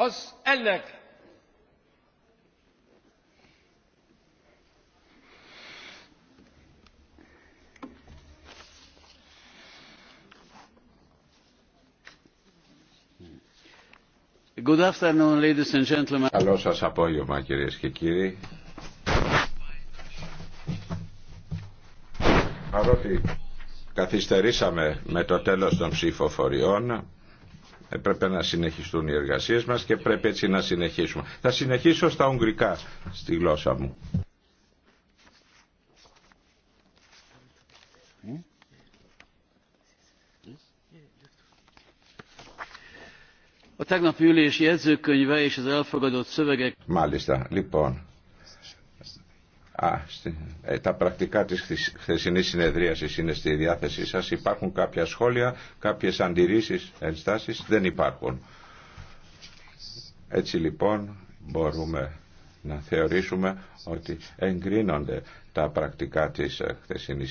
az ennek Good afternoon, ladies and gentlemen. Καλό σας απόγευμα κυρίες και κύριοι. Παρότι καθυστερήσαμε με το τέλος των ψηφοφοριών, Πρέπει να συνεχιστούν οι εργασίες μας και πρέπει έτσι να συνεχίσουμε. Θα συνεχίσω στα Ουγγρικά, στη γλώσσα μου. Μάλιστα, λοιπόν, Α, ε, τα πρακτικά της χθεσινής συνεδρίασης είναι στη διάθεσή σας. Υπάρχουν κάποια σχόλια, κάποιες αντιρρήσεις, ενστάσεις. Δεν υπάρχουν. Έτσι λοιπόν μπορούμε να θεωρήσουμε ότι εγκρίνονται τα πρακτικά της ε, χθεσινής